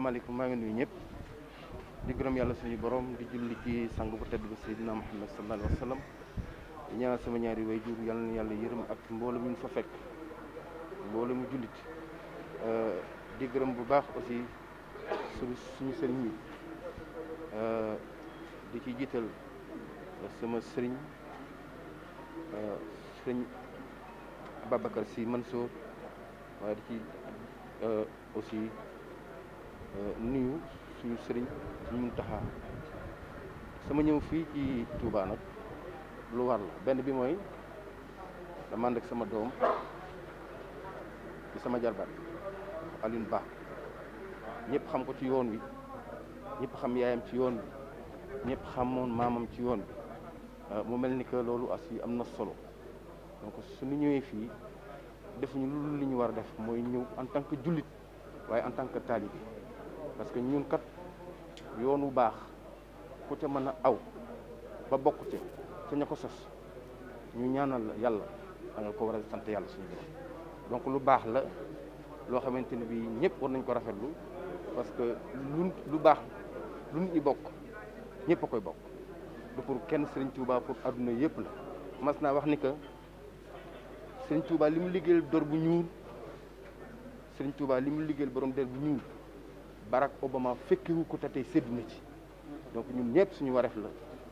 Malik maa ngi nuyu di gërëm yàlla suñu borom di julli ci sang bu tedd ba Seydina Muhammad sallallahu alayhi wa sallam di ñaanal sama ñaari way jur yàlla na yàlla yërëm ak fa fekk euh, di gërëm bu baax aussi suñu suñu sëriñ yi euh, di ci jiital sama sëriñ euh, sëriñ Mansour di ci aussi Eh, nuyu suñu sëriñ suñu muntaxa sama ñëw fii ci Touba nag lu war la benn bi mooy dama ànd ak sama dom, ci sama jarbaat Alioune Ba ñëpp xam ko ci yoon wi ñëpp xam yaayam ci yoon bi ñëpp xamoon maamam ci yoon bi eh, mu mel ni que loolu aussi am na solo donc suñu ñëwee fii defuñu lu li ñu war a def mooy ñëw en tant que jullit waaye en tant que taalibe parce que ñun kat yoon wu baax ku ca mën a aw ba bokk ci ca ña ko sos ñu ñaanal la yàlla danga ko war a sant yàlla suñu borom donc lu baax la loo xamante ni bii ñëpp war nañ ko rafetlu parce que lu lu baax lu nit ñi bokk ñëpp a koy bokk du pour kenn Serigne Touba pour àdduna yëpp la mas naa wax ni que Serigne Touba li mu liggéeyal dor bu ñuul Serigne Touba li mu liggéeyal borom der bu ñuul Barack Obama fekkiwu ko te tey séddu na ci donc ñun ñëpp suñu wareef la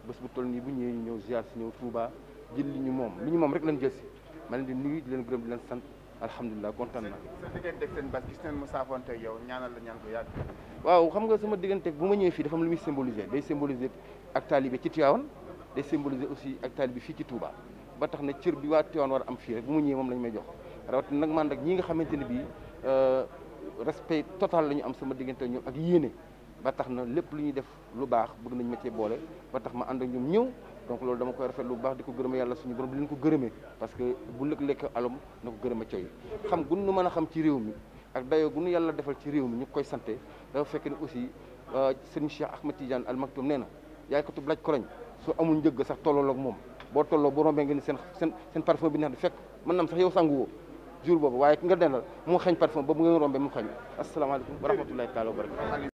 bés bu toll nii bu ñëwee ñu ñëw ziar si ñëw Touba jël li ñu moom li ñu moom rek lañ jël si ma leen di nuyu leen gërëm lan leen sant alhamdulilah kontaan naa. sa digganteeg seen bas gis nañ mu saafoonteeg yow ñaanal la ñaan ko waaw xam nga sama diggante bu ma ñëwee fii dafa am lu muy symboliser day symboliser ak taalibe ci Tivaouane day symboliser aussi ak taalibe fii ci Touba ba tax na cër bi waa Tivaouane war am fii rek bu ma ñëwee moom lañ may jox rawatina nag man nag ñi nga xamante ne bii euh, respect total la ñu am sama diggante ñoom ak yéene ba tax na lépp lu ñuy def lu baax bëgg nañ ma cee boole ba tax ma ànd ak ñoom ñëw donc loolu dama koy rafetlu lu baax di ko gërëme yàlla suñu borom di ko gërëmee parce que bu lëg lekk alom na ko gërëme coy xam gun nu mën a xam ci réew mi ak dayoo gu defal ci réew mi ñu koy sante dafa fekk ne aussi euh, sëñ Cheikh Ahmed Tidiane Al Maktoum nee na yaay ko tub laaj koroñ su amul njëgg sax tolloo moom boo tolloo boo rombee ngeen seen seen seen parfum bi neex di fekk mën naam sax yow sanguwoo jour bobu waye ki nga denal mo xagn parfum ba mu ngeen rombee mu assalamu alaykum wa rahmatullahi taala wa barakatuh